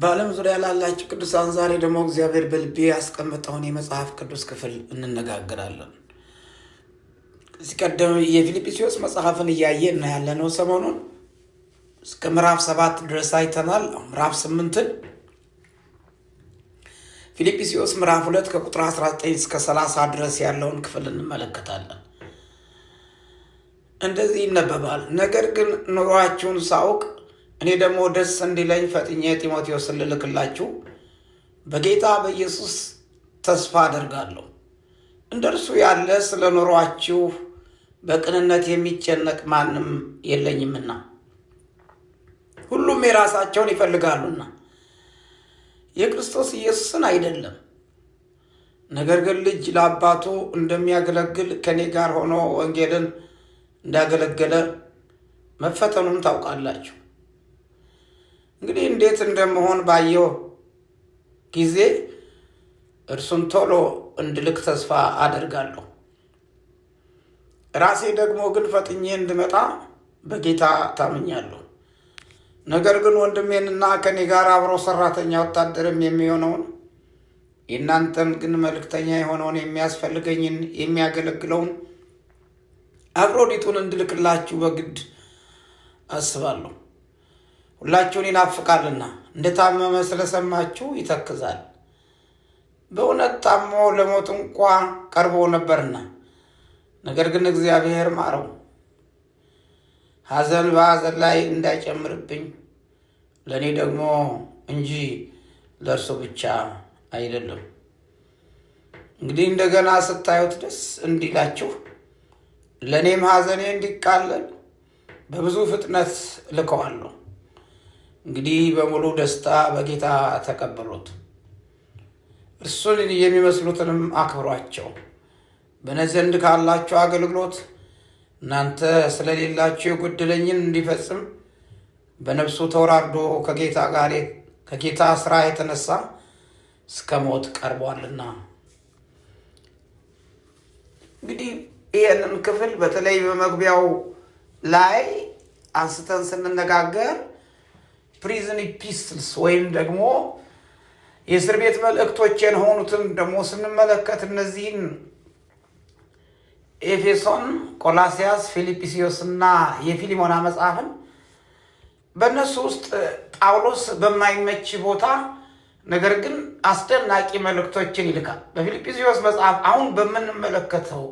በዓለም ዙሪያ ላላችሁ ቅዱሳን ዛሬ ደግሞ እግዚአብሔር በልቤ ያስቀመጠውን የመጽሐፍ ቅዱስ ክፍል እንነጋገራለን። እዚህ ቀደም የፊልጵስዩስ መጽሐፍን እያየ እና ያለነው ሰሞኑን እስከ ምዕራፍ ሰባት ድረስ አይተናል። ምዕራፍ ስምንትን ፊልጵስዩስ ምዕራፍ ሁለት ከቁጥር 19 እስከ 30 ድረስ ያለውን ክፍል እንመለከታለን። እንደዚህ ይነበባል። ነገር ግን ኑሯችሁን ሳውቅ እኔ ደግሞ ደስ እንዲለኝ ፈጥኜ ጢሞቴዎስን ልልክላችሁ በጌታ በኢየሱስ ተስፋ አደርጋለሁ። እንደ እርሱ ያለ ስለ ኑሯችሁ በቅንነት የሚጨነቅ ማንም የለኝምና ሁሉም የራሳቸውን ይፈልጋሉና የክርስቶስ ኢየሱስን አይደለም። ነገር ግን ልጅ ለአባቱ እንደሚያገለግል ከእኔ ጋር ሆኖ ወንጌልን እንዳገለገለ መፈተኑን ታውቃላችሁ። እንግዲህ እንዴት እንደመሆን ባየው ጊዜ እርሱን ቶሎ እንድልክ ተስፋ አደርጋለሁ። ራሴ ደግሞ ግን ፈጥኜ እንድመጣ በጌታ ታምኛለሁ። ነገር ግን ወንድሜንና ከኔ ጋር አብሮ ሰራተኛ ወታደርም የሚሆነውን የእናንተን ግን መልእክተኛ የሆነውን የሚያስፈልገኝን የሚያገለግለውን አብሮዲጡን እንድልክላችሁ በግድ አስባለሁ። ሁላችሁን ይናፍቃልና እንደታመመ ስለሰማችሁ ይተክዛል። በእውነት ታሞ ለሞት እንኳ ቀርቦ ነበርና፣ ነገር ግን እግዚአብሔር ማረው። ሐዘን በሐዘን ላይ እንዳይጨምርብኝ ለእኔ ደግሞ እንጂ ለእርሱ ብቻ አይደለም። እንግዲህ እንደገና ስታዩት ደስ እንዲላችሁ ለእኔም ሐዘኔ እንዲቃለል በብዙ ፍጥነት ልከዋለሁ። እንግዲህ በሙሉ ደስታ በጌታ ተቀበሉት። እርሱን የሚመስሉትንም አክብሯቸው። በእኔ ዘንድ ካላችሁ አገልግሎት እናንተ ስለሌላችሁ የጎደለኝን እንዲፈጽም በነፍሱ ተወራርዶ ከጌታ ጋር ከጌታ ስራ የተነሳ እስከ ሞት ቀርቧልና። እንግዲህ ይህንን ክፍል በተለይ በመግቢያው ላይ አንስተን ስንነጋገር ፕሪዝን ኢፒስትልስ ወይም ደግሞ የእስር ቤት መልእክቶች የሆኑትን ደግሞ ስንመለከት እነዚህን ኤፌሶን፣ ቆላሲያስ፣ ፊልጵስዮስ እና የፊሊሞና መጽሐፍን በእነሱ ውስጥ ጳውሎስ በማይመች ቦታ ነገር ግን አስደናቂ መልእክቶችን ይልካል። በፊልጵስዮስ መጽሐፍ አሁን በምንመለከተው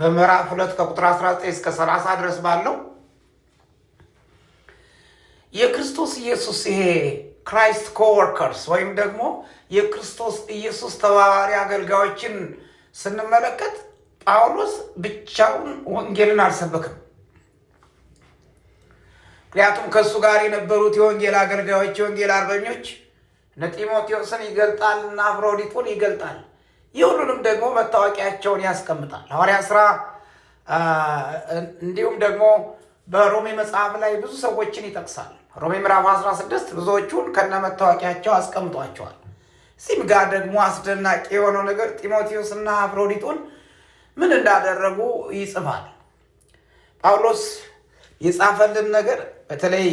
በምዕራፍ ሁለት ከቁጥር 19 እስከ 30 ድረስ ባለው የክርስቶስ ኢየሱስ ይሄ ክራይስት ኮወርከርስ ወይም ደግሞ የክርስቶስ ኢየሱስ ተባባሪ አገልጋዮችን ስንመለከት ጳውሎስ ብቻውን ወንጌልን አልሰበክም። ምክንያቱም ከእሱ ጋር የነበሩት የወንጌል አገልጋዮች የወንጌል አርበኞች እነ ጢሞቴዎስን ይገልጣል እና አፍሮዲጡን ይገልጣል። ይሁሉንም ደግሞ መታወቂያቸውን ያስቀምጣል። ሐዋርያ ስራ እንዲሁም ደግሞ በሮሜ መጽሐፍ ላይ ብዙ ሰዎችን ይጠቅሳል። ሮሜ ምዕራፍ 16 ብዙዎቹን ከነ መታወቂያቸው አስቀምጧቸዋል። እዚህም ጋር ደግሞ አስደናቂ የሆነው ነገር ጢሞቴዎስና አፍሮዲጡን ምን እንዳደረጉ ይጽፋል። ጳውሎስ የጻፈልን ነገር በተለይ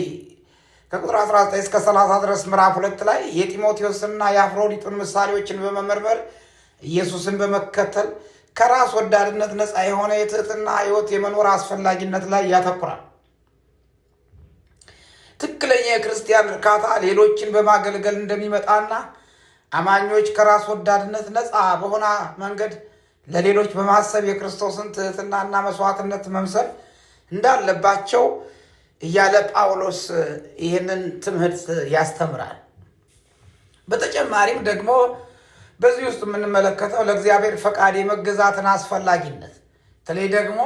ከቁጥር 19 እስከ 30 ድረስ ምዕራፍ ሁለት ላይ የጢሞቴዎስና የአፍሮዲጡን ምሳሌዎችን በመመርመር ኢየሱስን በመከተል ከራስ ወዳድነት ነፃ የሆነ የትህትና ሕይወት የመኖር አስፈላጊነት ላይ ያተኩራል። ትክክለኛ የክርስቲያን እርካታ ሌሎችን በማገልገል እንደሚመጣና አማኞች ከራስ ወዳድነት ነፃ በሆነ መንገድ ለሌሎች በማሰብ የክርስቶስን ትህትናና መስዋዕትነት መምሰል እንዳለባቸው እያለ ጳውሎስ ይህንን ትምህርት ያስተምራል። በተጨማሪም ደግሞ በዚህ ውስጥ የምንመለከተው ለእግዚአብሔር ፈቃድ የመገዛትን አስፈላጊነት በተለይ ደግሞ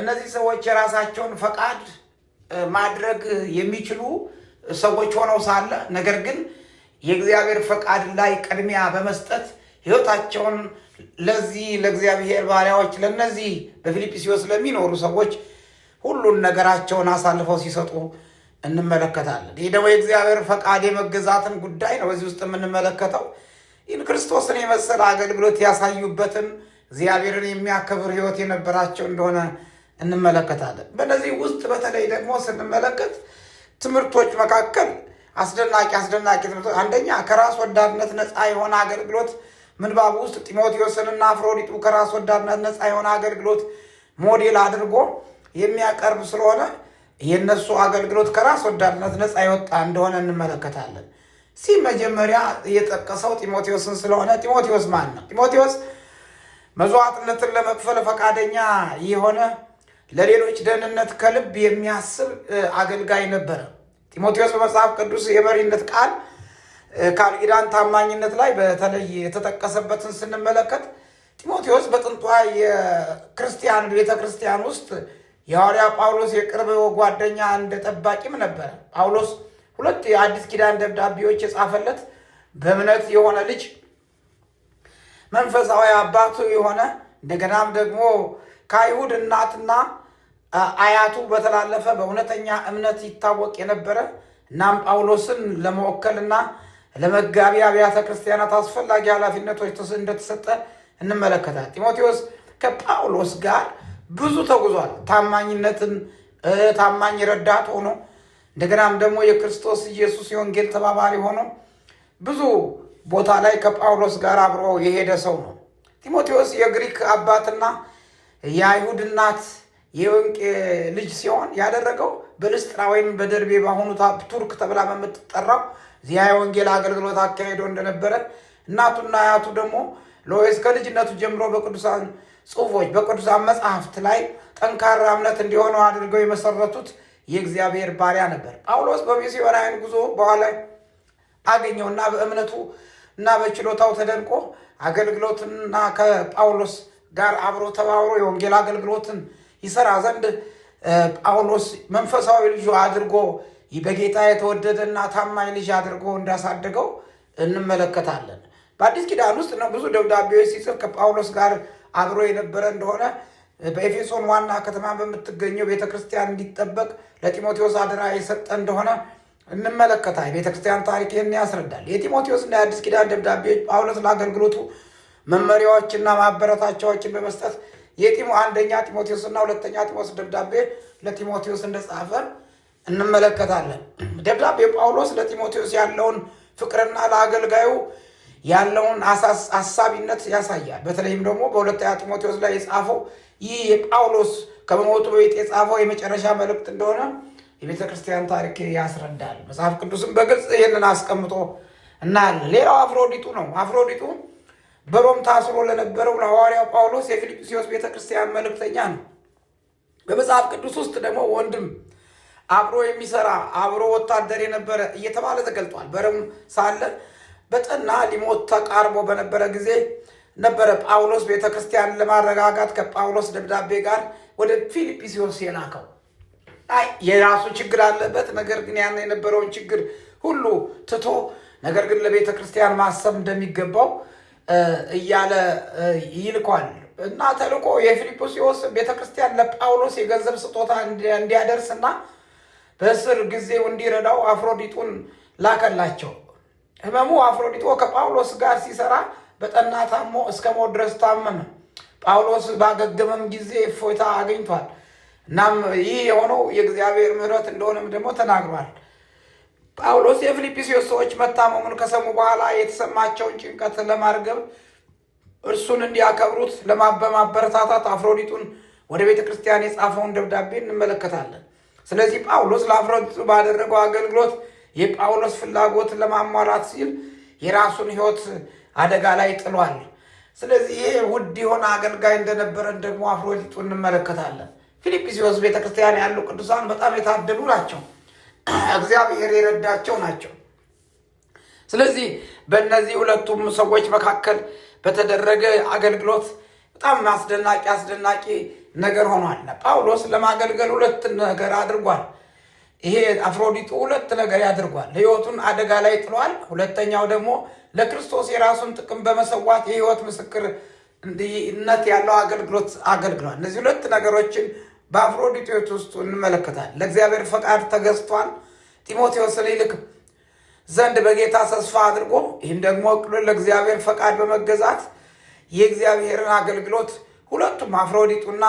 እነዚህ ሰዎች የራሳቸውን ፈቃድ ማድረግ የሚችሉ ሰዎች ሆነው ሳለ ነገር ግን የእግዚአብሔር ፈቃድ ላይ ቅድሚያ በመስጠት ህይወታቸውን ለዚህ ለእግዚአብሔር ባሪያዎች ለነዚህ በፊልጵስዩስ ለሚኖሩ ሰዎች ሁሉን ነገራቸውን አሳልፈው ሲሰጡ እንመለከታለን። ይህ ደግሞ የእግዚአብሔር ፈቃድ የመገዛትን ጉዳይ ነው በዚህ ውስጥ የምንመለከተው። ይህን ክርስቶስን የመሰለ አገልግሎት ያሳዩበትን እግዚአብሔርን የሚያከብር ህይወት የነበራቸው እንደሆነ እንመለከታለን። በነዚህ ውስጥ በተለይ ደግሞ ስንመለከት ትምህርቶች መካከል አስደናቂ አስደናቂ ትምህርቶች አንደኛ ከራስ ወዳድነት ነፃ የሆነ አገልግሎት ምንባብ ውስጥ ጢሞቴዎስንና አፍሮዲጡ ከራስ ወዳድነት ነፃ የሆነ አገልግሎት ሞዴል አድርጎ የሚያቀርብ ስለሆነ የእነሱ አገልግሎት ከራስ ወዳድነት ነፃ የወጣ እንደሆነ እንመለከታለን። ሲህ መጀመሪያ እየጠቀሰው ጢሞቴዎስን ስለሆነ ጢሞቴዎስ ማን ነው? ጢሞቴዎስ መስዋዕትነትን ለመክፈል ፈቃደኛ የሆነ ለሌሎች ደህንነት ከልብ የሚያስብ አገልጋይ ነበረ። ጢሞቴዎስ በመጽሐፍ ቅዱስ የመሪነት ቃል ቃል ኪዳን ታማኝነት ላይ በተለይ የተጠቀሰበትን ስንመለከት ጢሞቴዎስ በጥንቷ የክርስቲያን ቤተክርስቲያን ውስጥ የሐዋርያ ጳውሎስ የቅርብ ጓደኛ እንደ ጠባቂም ነበረ። ጳውሎስ ሁለት የአዲስ ኪዳን ደብዳቤዎች የጻፈለት በእምነት የሆነ ልጅ መንፈሳዊ አባቱ የሆነ እንደገናም ደግሞ ከአይሁድ እናትና አያቱ በተላለፈ በእውነተኛ እምነት ይታወቅ የነበረ እናም ጳውሎስን ለመወከልና ለመጋቢ አብያተ ክርስቲያናት አስፈላጊ ኃላፊነቶች እንደተሰጠ እንመለከታል። ጢሞቴዎስ ከጳውሎስ ጋር ብዙ ተጉዟል። ታማኝነትን ታማኝ ረዳት ሆኖ እንደገናም ደግሞ የክርስቶስ ኢየሱስ የወንጌል ተባባሪ ሆኖ ብዙ ቦታ ላይ ከጳውሎስ ጋር አብሮ የሄደ ሰው ነው። ጢሞቴዎስ የግሪክ አባትና የአይሁድ እናት የወንቄ ልጅ ሲሆን ያደረገው በልስጥራ ወይም በደርቤ በአሁኑ ቱርክ ተብላ በምትጠራው እዚያ የወንጌል አገልግሎት አካሄዶ እንደነበረ እናቱና አያቱ ደግሞ ሎይስ ከልጅነቱ ጀምሮ በቅዱሳን ጽሁፎች በቅዱሳን መጽሐፍት ላይ ጠንካራ እምነት እንዲሆነው አድርገው የመሰረቱት የእግዚአብሔር ባሪያ ነበር። ጳውሎስ በሚስዮናዊን ጉዞ በኋላ አገኘውና በእምነቱ እና በችሎታው ተደንቆ አገልግሎትና ከጳውሎስ ጋር አብሮ ተባብሮ የወንጌል አገልግሎትን ይሰራ ዘንድ ጳውሎስ መንፈሳዊ ልጁ አድርጎ በጌታ የተወደደና ታማኝ ልጅ አድርጎ እንዳሳደገው እንመለከታለን። በአዲስ ኪዳን ውስጥ ነው ብዙ ደብዳቤዎች ሲጽፍ ከጳውሎስ ጋር አብሮ የነበረ እንደሆነ በኤፌሶን ዋና ከተማ በምትገኘው ቤተክርስቲያን እንዲጠበቅ ለጢሞቴዎስ አደራ የሰጠ እንደሆነ እንመለከታል። ቤተክርስቲያን ታሪክ ይህን ያስረዳል። የጢሞቴዎስ እና የአዲስ ኪዳን ደብዳቤዎች ጳውሎስ ለአገልግሎቱ መመሪያዎችና ማበረታቻዎችን በመስጠት የጢሞ አንደኛ ጢሞቴዎስ ሁለተኛ ቲሞስ ደብዳቤ ለጢሞቴዎስ እንደጻፈ እንመለከታለን። ደብዳቤ ጳውሎስ ለጢሞቴዎስ ያለውን ፍቅርና ለአገልጋዩ ያለውን አሳቢነት ያሳያል። በተለይም ደግሞ በሁለተኛ ጢሞቴዎስ ላይ የጻፈው ይህ የጳውሎስ ከመሞቱ በፊት የጻፈው የመጨረሻ መልእክት እንደሆነ የቤተ ክርስቲያን ታሪክ ያስረዳል። መጽሐፍ ቅዱስም በግልጽ ይህንን አስቀምጦ እናያለን። ሌላው አፍሮዲጡ ነው። አፍሮዲጡ በሮም ታስሮ ለነበረው ለሐዋርያው ጳውሎስ የፊልጵስዎስ ቤተ ክርስቲያን መልእክተኛ ነው። በመጽሐፍ ቅዱስ ውስጥ ደግሞ ወንድም አብሮ የሚሰራ አብሮ ወታደር የነበረ እየተባለ ተገልጧል። በረም ሳለ በጠና ሊሞት ተቃርቦ በነበረ ጊዜ ነበረ ጳውሎስ ቤተ ክርስቲያን ለማረጋጋት ከጳውሎስ ደብዳቤ ጋር ወደ ፊልጵስዎስ የላከው። አይ የራሱ ችግር አለበት። ነገር ግን ያን የነበረውን ችግር ሁሉ ትቶ ነገር ግን ለቤተ ክርስቲያን ማሰብ እንደሚገባው እያለ ይልኳል እና ተልኮ የፊልጵስዩስ ቤተክርስቲያን ለጳውሎስ የገንዘብ ስጦታ እንዲያደርስና በእስር ጊዜው እንዲረዳው አፍሮዲጡን ላከላቸው። ህመሙ አፍሮዲጦ ከጳውሎስ ጋር ሲሰራ በጠና ታሞ እስከ ሞት ድረስ ታመመ። ጳውሎስ ባገገመም ጊዜ እፎይታ አግኝቷል። እናም ይህ የሆነው የእግዚአብሔር ምሕረት እንደሆነም ደግሞ ተናግሯል። ጳውሎስ የፊልጵስዩስ ሰዎች መታመሙን ከሰሙ በኋላ የተሰማቸውን ጭንቀት ለማርገብ እርሱን እንዲያከብሩት በማበረታታት አፍሮዲጡን ወደ ቤተ ክርስቲያን የጻፈውን ደብዳቤ እንመለከታለን። ስለዚህ ጳውሎስ ለአፍሮዲጡ ባደረገው አገልግሎት የጳውሎስ ፍላጎት ለማሟላት ሲል የራሱን ሕይወት አደጋ ላይ ጥሏል። ስለዚህ ይህ ውድ የሆነ አገልጋይ እንደነበረን ደግሞ አፍሮዲጡ እንመለከታለን። ፊልጵስዩስ ቤተክርስቲያን ያሉ ቅዱሳን በጣም የታደሉ ናቸው። እግዚአብሔር የረዳቸው ናቸው። ስለዚህ በእነዚህ ሁለቱም ሰዎች መካከል በተደረገ አገልግሎት በጣም አስደናቂ አስደናቂ ነገር ሆኗል። ጳውሎስ ለማገልገል ሁለት ነገር አድርጓል። ይሄ አፍሮዲጡ ሁለት ነገር ያድርጓል። ሕይወቱን አደጋ ላይ ጥሏል። ሁለተኛው ደግሞ ለክርስቶስ የራሱን ጥቅም በመሰዋት የህይወት ምስክርነት ያለው አገልግሎት አገልግሏል። እነዚህ ሁለት ነገሮችን በአፍሮዲጦስ ውስጡ እንመለከታል። ለእግዚአብሔር ፈቃድ ተገዝቷል ጢሞቴዎስ ሊልክ ዘንድ በጌታ ተስፋ አድርጎ ይህም ደግሞ እቅዱን ለእግዚአብሔር ፈቃድ በመገዛት የእግዚአብሔርን አገልግሎት ሁለቱም አፍሮዲጡና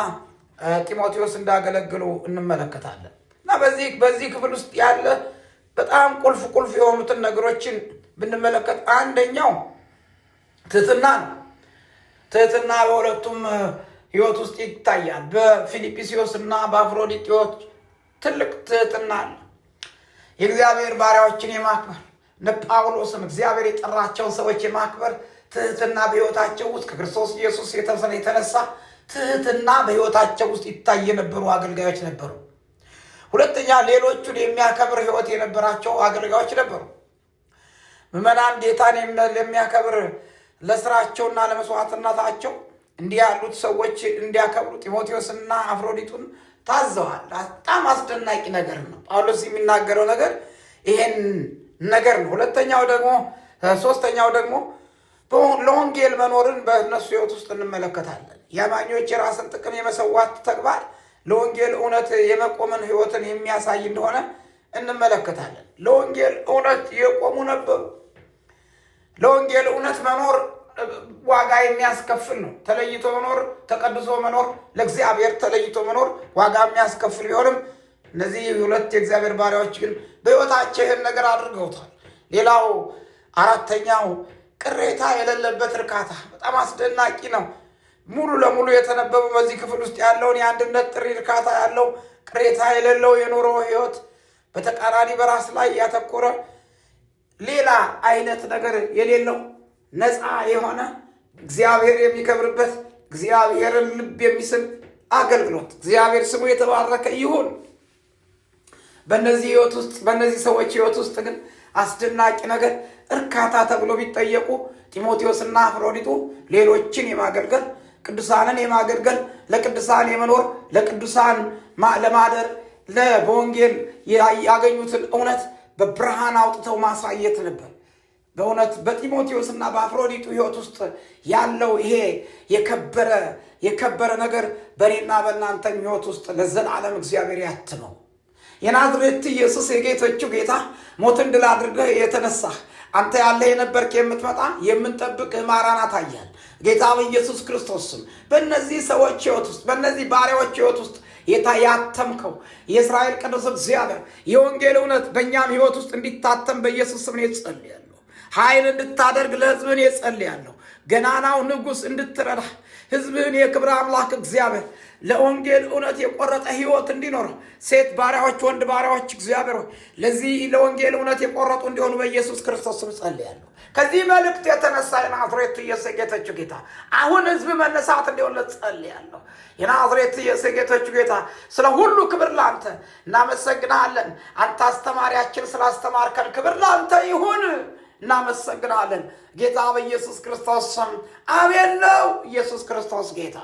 ጢሞቴዎስ እንዳገለግሉ እንመለከታለን እና በዚህ በዚህ ክፍል ውስጥ ያለ በጣም ቁልፍ ቁልፍ የሆኑትን ነገሮችን ብንመለከት አንደኛው ትህትና ነው። ትህትና በሁለቱም ህይወት ውስጥ ይታያል። በፊልጵስዩስ እና በአፍሮዲጤዎች ትልቅ ትህትና አለ። የእግዚአብሔር ባሪያዎችን የማክበር እነ ጳውሎስም እግዚአብሔር የጠራቸውን ሰዎች የማክበር ትህትና በህይወታቸው ውስጥ ከክርስቶስ ኢየሱስ የተነሳ ትህትና በህይወታቸው ውስጥ ይታይ የነበሩ አገልጋዮች ነበሩ። ሁለተኛ ሌሎቹን የሚያከብር ህይወት የነበራቸው አገልጋዮች ነበሩ። ምዕመናን ጌታን የሚያከብር ለስራቸውና ለመስዋዕትነታቸው እንዲህ ያሉት ሰዎች እንዲያከብሩ ጢሞቴዎስና አፍሮዲቱን ታዘዋል። በጣም አስደናቂ ነገር ነው። ጳውሎስ የሚናገረው ነገር ይሄን ነገር ነው። ሁለተኛው ደግሞ ሶስተኛው ደግሞ ለወንጌል መኖርን በእነሱ ህይወት ውስጥ እንመለከታለን። የአማኞች የራስን ጥቅም የመሰዋት ተግባር ለወንጌል እውነት የመቆምን ህይወትን የሚያሳይ እንደሆነ እንመለከታለን። ለወንጌል እውነት የቆሙ ነበሩ። ለወንጌል እውነት መኖር ዋጋ የሚያስከፍል ነው። ተለይቶ መኖር፣ ተቀድሶ መኖር፣ ለእግዚአብሔር ተለይቶ መኖር ዋጋ የሚያስከፍል ቢሆንም እነዚህ ሁለት የእግዚአብሔር ባሪያዎች ግን በሕይወታቸው ይህን ነገር አድርገውታል። ሌላው አራተኛው ቅሬታ የሌለበት እርካታ በጣም አስደናቂ ነው። ሙሉ ለሙሉ የተነበበው በዚህ ክፍል ውስጥ ያለውን የአንድነት ጥሪ እርካታ ያለው ቅሬታ የሌለው የኑሮ ሕይወት በተቃራኒ በራስ ላይ ያተኮረ ሌላ አይነት ነገር የሌለው ነፃ የሆነ እግዚአብሔር የሚከብርበት እግዚአብሔርን ልብ የሚስል አገልግሎት እግዚአብሔር ስሙ የተባረከ ይሁን። በነዚህ ህይወት ውስጥ ሰዎች ህይወት ውስጥ ግን አስደናቂ ነገር እርካታ ተብሎ ቢጠየቁ ጢሞቴዎስና አፍሮዲጡ ሌሎችን የማገልገል ቅዱሳንን የማገልገል ለቅዱሳን የመኖር ለቅዱሳን ለማደር በወንጌል ያገኙትን እውነት በብርሃን አውጥተው ማሳየት ነበር። በእውነት በጢሞቴዎስ እና በአፍሮዲጡ ህይወት ውስጥ ያለው ይሄ የከበረ የከበረ ነገር በእኔና በእናንተም ህይወት ውስጥ ለዘላለም እግዚአብሔር ያትመው። የናዝሬት ኢየሱስ የጌቶቹ ጌታ ሞትን ድል አድርገህ የተነሳህ አንተ ያለ የነበርክ የምትመጣ የምንጠብቅህ ማራናት አያል ጌታ ኢየሱስ ክርስቶስም በእነዚህ ሰዎች ህይወት ውስጥ በእነዚህ ባሪያዎች ህይወት ውስጥ ጌታ ያተምከው የእስራኤል ቅዱስ እግዚአብሔር የወንጌል እውነት በእኛም ህይወት ውስጥ እንዲታተም በኢየሱስ ስም ጸልያለሁ። ኃይል እንድታደርግ ለሕዝብን የጸልያለሁ። ገናናው ንጉሥ እንድትረዳ ህዝብን የክብር አምላክ እግዚአብሔር ለወንጌል እውነት የቆረጠ ህይወት እንዲኖር ሴት ባሪያዎች፣ ወንድ ባሪያዎች እግዚአብሔር ሆይ ለዚህ ለወንጌል እውነት የቆረጡ እንዲሆኑ በኢየሱስ ክርስቶስ ስም ጸልያለሁ። ከዚህ መልእክት የተነሳ የናዝሬቱ ኢየሱስ ጌቶቹ ጌታ አሁን ህዝብ መነሳት እንዲሆንለት ጸልያለሁ። የናዝሬቱ ኢየሱስ ጌቶቹ ጌታ ስለ ሁሉ ክብር ላንተ እናመሰግናለን። አንተ አስተማሪያችን ስላስተማርከን ክብር ላንተ ይሁን። እናመሰግናለን። ጌታ በኢየሱስ ክርስቶስ ስም አሜን ነው። ኢየሱስ ክርስቶስ ጌታ